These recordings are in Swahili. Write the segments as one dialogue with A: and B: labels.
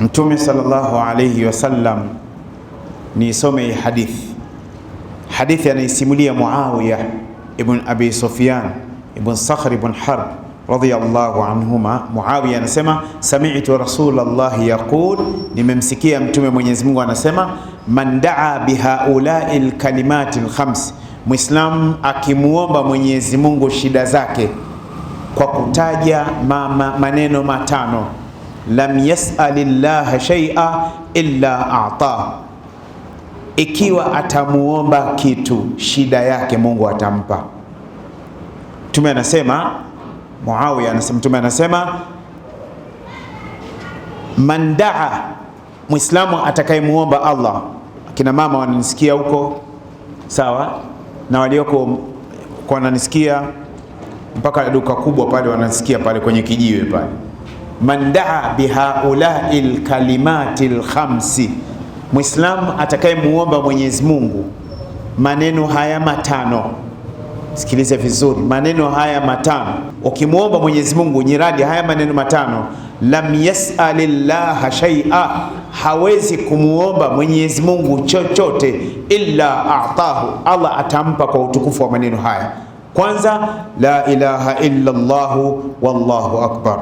A: Mtume sallallahu alayhi wasallam, niisome hadithi hadithi, anaisimulia Muawiya ibn Abi Sufyan ibn Sakhr ibn Harb radiyallahu anhuma. Muawiya anasema sami'tu Rasulullah yaqul, nimemsikia mtume Mwenyezi Mungu anasema man daa bihaulai lkalimati lkhams, muislam akimuomba Mwenyezi Mungu shida zake kwa kutaja mama maneno matano lam yasali llaha shaia illa ata, ikiwa atamuomba kitu shida yake Mungu atampa. Mtume anasema, Muawiya anasema, Mtume anasema man daa, Muislamu atakayemuomba Allah. Akina mama wananisikia huko, sawa na walioko wananisikia mpaka duka kubwa pale wanasikia pale kwenye kijiwe pale man daa bihaulai lkalimati lkhamsi, mwislamu atakayemuomba Mwenyezi Mungu maneno haya matano. Sikilize vizuri, maneno haya matano. Ukimwomba Mwenyezi Mungu nyiradi haya maneno matano, lam llaha shaia, hawezi kumuomba Mwenyezi Mungu chochote, illa atahu, Allah atampa kwa utukufu wa maneno haya. Kwanza, la ilaha illa llahu wallahu akbar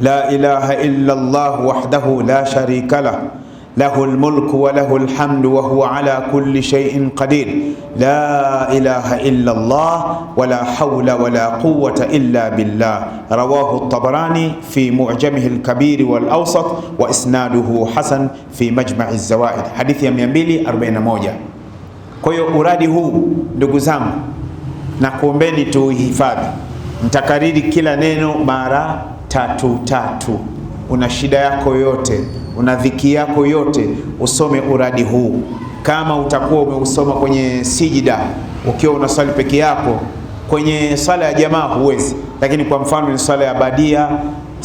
A: لا إله إلا الله وحده لا شريك له له الملك وله الحمد وهو على كل شيء قدير لا إله إلا الله ولا حول ولا قوة إلا بالله رواه الطبراني في معجمه الكبير والأوسط وإسناده حسن في مجمع الزوائد حديث يا أربعين موجة كوي أرادي هو دقزام نقوم بني توهي tuuhifadhi mtakariri kila neno mara tatu tatu. Una shida yako yote, una dhiki yako yote, usome uradi huu. Kama utakuwa umeusoma kwenye sijida ukiwa unaswali peke yako, kwenye swala ya jamaa huwezi, lakini kwa mfano ni swala ya badia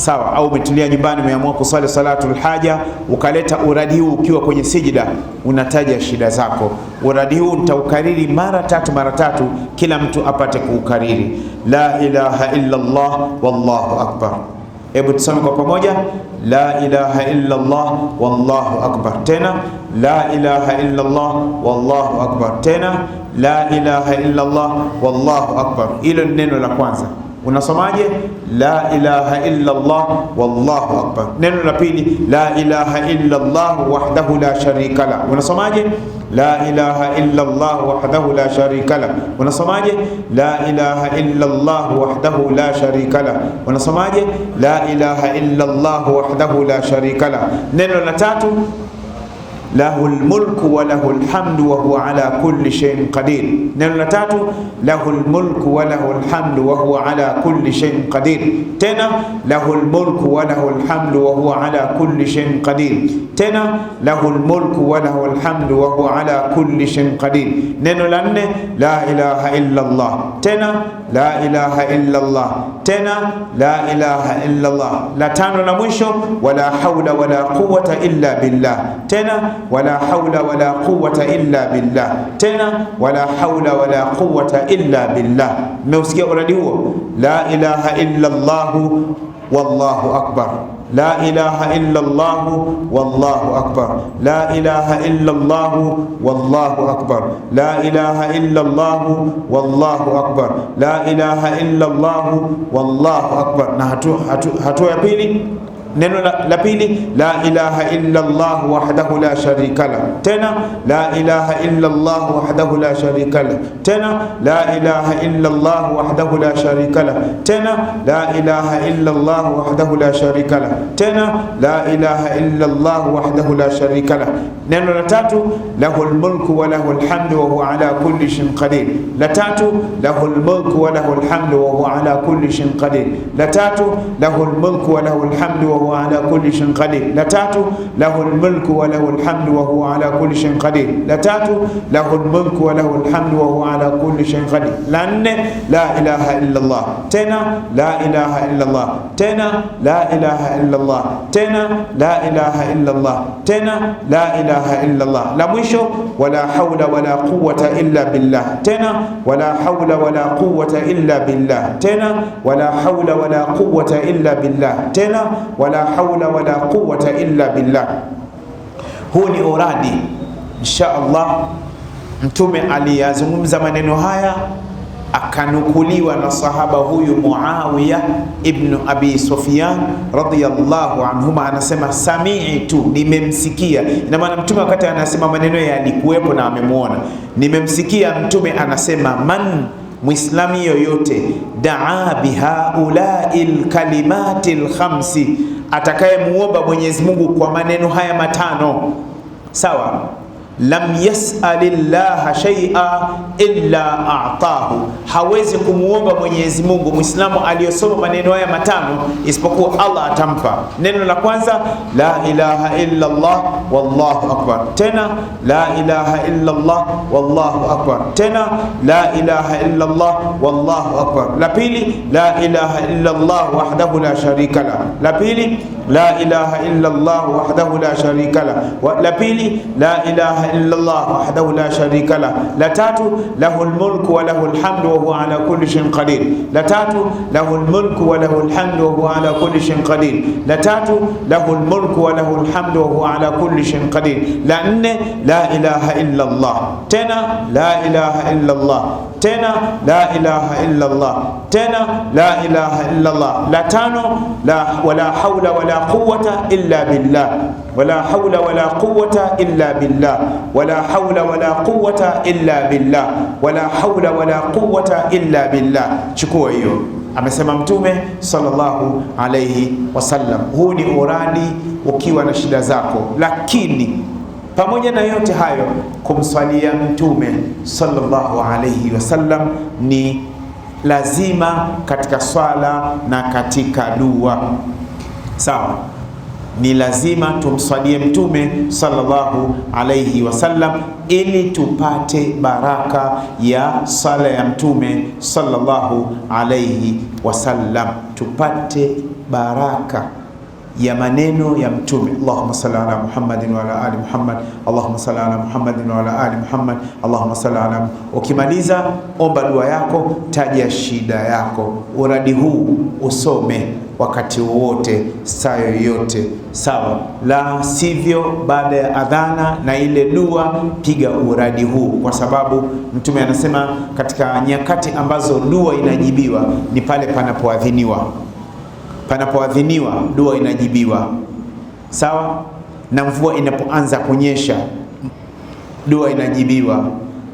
A: sawa, au umetulia nyumbani, umeamua kuswali salatul haja, ukaleta uradi huu ukiwa kwenye sijida, unataja shida zako. Uradi huu nitaukariri mara tatu mara tatu, kila mtu apate kuukariri, la ilaha illa Allah wallahu akbar. Hebu tusome kwa pamoja, la ilaha illa Allah wallahu akbar. Tena la ilaha illa Allah wallahu akbar. Tena la ilaha illa Allah wallahu akbar. Hilo ni neno la kwanza. Unasomaje? la ilaha illa Allah wallahu akbar. Neno la pili la ilaha illa Allah wahdahu la sharika la. Unasomaje? la ilaha illa Allah wahdahu la sharika la. Unasomaje? la ilaha illa Allah wahdahu la sharika la. Unasomaje? la ilaha illa Allah wahdahu la sharika la. Neno la tatu له الملك وله الحمد وهو على كل شيء قدير نحن نتاتو له الملك وله الحمد وهو على كل شيء قدير تنا له الملك وله الحمد وهو على كل شيء قدير تنا له الملك وله الحمد وهو على كل شيء قدير نحن لا إله إلا الله تنا la ilaha illa Allah, tena la ilaha illa Allah. La tano na mwisho, wala haula wala quwwata illa billah, tena wala haula wala quwwata illa billah, tena wala haula wala quwwata illa billah. Mmeusikia uradi huo, la ilaha illa Allah wallahu akbar la ilaha illa Allah wallahu akbar la ilaha illa Allah wallahu akbar la ilaha illa Allah wallahu akbar la ilaha illa Allah wallahu akbar. Na hatua hatu, hatu ya pili Neno la, la pili la ilaha illa Allah wahdahu la sharika la, tena la ilaha illa Allah wahdahu la sharika la, tena la ilaha illa Allah wahdahu la sharika la, tena la ilaha illa Allah wahdahu la sharika la, tena la ilaha illa Allah wahdahu la sharika la. Neno la tatu lahul mulku wa lahul hamdu wa huwa ala kulli shay'in qadir, la tatu lahul mulku wa lahul hamdu wa huwa ala kulli shay'in qadir, la tatu lahul mulku wa lahul hamdu وهو على كل شيء قدير لتاتو له الملك وله الحمد وهو على كل شيء قدير لتاتو له الملك وله الحمد وهو على كل شيء قدير لأن لا إله إلا الله تنا لا إله إلا الله تنا لا إله إلا الله تنا لا إله إلا الله تنا لا إله إلا الله لا مشو ولا حول ولا قوة إلا بالله تنا ولا حول ولا قوة إلا بالله تنا ولا حول ولا قوة إلا بالله تنا ولا wala haula wala quwwata illa billah. Huu ni uradi insha Allah. Mtume aliyazungumza maneno haya akanukuliwa na sahaba huyu Muawiya ibnu abi Sufyan radhiyallahu anhuma, anasema sami'tu, nimemsikia. Ina maana mtume wakati anasema maneno ya alikuwepo na amemwona. Nimemsikia mtume anasema man Muislami yoyote daa bihaulai lkalimati lkhamsi atakayemuomba Mwenyezi Mungu kwa maneno haya matano, sawa lam yasali llaha shaia illa atahu, hawezi kumwomba Mwenyezi Mungu Muislamu aliyosoma maneno haya matano isipokuwa Allah atampa. Neno la kwanza la ilaha illa Allah wallahu akbar, tena la ilaha illa Allah wallahu akbar, tena la ilaha illa Allah wallahu akbar. La pili la ilaha illa Allah wahdahu la sharika la, la pili la ilaha illa Allah wahdahu la sharika la, la pili la ilaha إلا الله وحده لا شريك له لتاتو له الملك وله الحمد وهو على كل شيء قدير لتاتو له الملك وله الحمد وهو على كل شيء قدير لتاتو له الملك وله الحمد وهو على كل شيء قدير لأن لا إله إلا الله تنا لا إله إلا الله تنا لا إله إلا الله تنا لا إله إلا الله لا تانو لا ولا حول ولا قوة إلا بالله ولا حول ولا قوة إلا بالله wala haula wala quwwata illa billah, wala haula wala quwwata illa billah. Chukua hiyo, amesema Mtume sallallahu alayhi wasallam. Huu ni uradi ukiwa na shida zako, lakini pamoja na yote hayo kumswalia Mtume sallallahu alayhi wasallam ni lazima katika swala na katika dua. Sawa ni lazima tumswalie Mtume sallallahu alayhi wasallam ili tupate baraka ya sala ya Mtume sallallahu alayhi wasallam, tupate baraka ya maneno ya Mtume. Allahumma salli ala Muhammadin wa ala ali Muhammad, Allahumma salli ala Muhammadin wa ala ali Muhammad, Allahumma salli ala. Ukimaliza omba dua yako, taja shida yako, uradi huu usome wakati wowote, saa yoyote, sawa. La sivyo, baada ya adhana na ile dua, piga uradi huu, kwa sababu Mtume anasema katika nyakati ambazo dua inajibiwa ni pale panapoadhiniwa. Panapoadhiniwa dua inajibiwa, sawa. Na mvua inapoanza kunyesha dua inajibiwa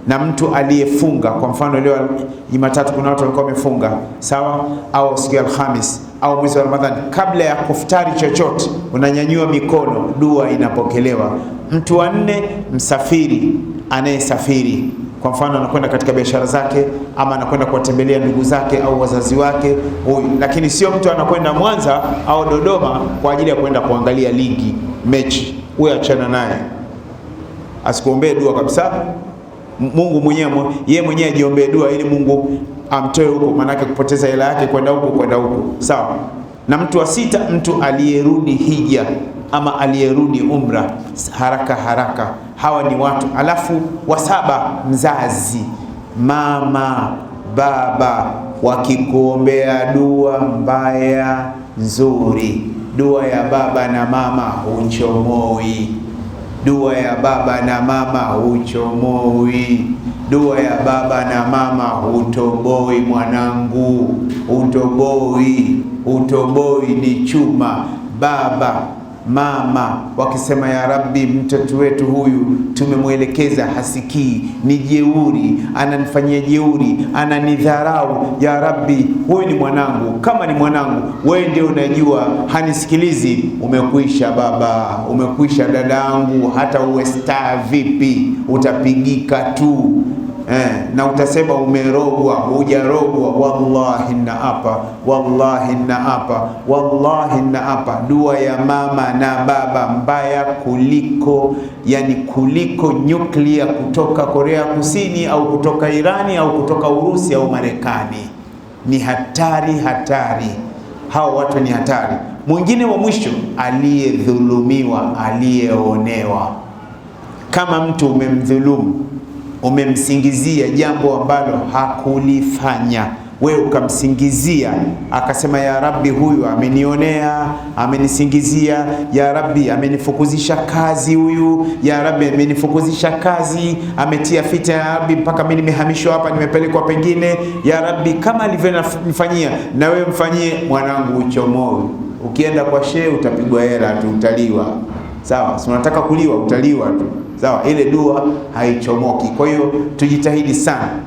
A: na mtu aliyefunga. Kwa mfano leo Jumatatu kuna watu walikuwa wamefunga sawa, au siku ya Alhamis au mwezi wa Ramadhani, kabla ya kuftari chochote, unanyanyua mikono, dua inapokelewa. Mtu wa nne, msafiri anayesafiri kwa mfano anakwenda katika biashara zake ama anakwenda kuwatembelea ndugu zake au wazazi wake huyu, lakini sio mtu anakwenda Mwanza au Dodoma kwa ajili ya kwenda kuangalia ligi mechi. Huyo achana naye, asikuombee dua kabisa. Mungu mwenyewe yeye mwenyewe ajiombee dua ili Mungu amtoe huko, maanake kupoteza hela yake kwenda huko kwenda huko, sawa. Na mtu wa sita, mtu aliyerudi hija ama aliyerudi umra haraka haraka, hawa ni watu. Alafu wa saba, mzazi, mama, baba, wakikuombea dua mbaya nzuri, dua ya baba na mama huchomoi, dua ya baba na mama huchomoi. Dua ya baba na mama, hutoboi mwanangu, hutoboi, hutoboi, ni chuma baba mama wakisema, ya Rabbi, mtoto wetu huyu tumemwelekeza hasikii, ni jeuri, ananifanyia jeuri, ananidharau. Ya Rabbi, huyu ni mwanangu, kama ni mwanangu, wewe ndio unajua, hanisikilizi. Umekwisha baba, umekwisha dadangu, hata uwe staa vipi, utapigika tu eh, na utasema umerogwa, hujarogwa. Wallahi naapa, wallahi na hapa wallahi na hapa Dua ya mama na baba mbaya kuliko yani, kuliko nyuklia kutoka Korea Kusini au kutoka Irani au kutoka Urusi au Marekani. Ni hatari, hatari. Hawa watu ni hatari. Mwingine wa mwisho, aliyedhulumiwa, aliyeonewa. Kama mtu umemdhulumu umemsingizia jambo ambalo hakulifanya wewe ukamsingizia, akasema ya Rabbi, huyu amenionea, amenisingizia. Ya Rabbi, amenifukuzisha kazi huyu. Ya Rabbi, amenifukuzisha kazi, ametia fita. Ya Rabbi, mpaka mimi nimehamishwa hapa, nimepelekwa pengine. Ya Rabbi, kama alivyonifanyia na wewe mfanyie mwanangu, uchomoe. Ukienda kwa shehe utapigwa hela tu, utaliwa. Sawa, si unataka kuliwa, utaliwa tu. Sawa, ile dua haichomoki. Kwa hiyo tujitahidi sana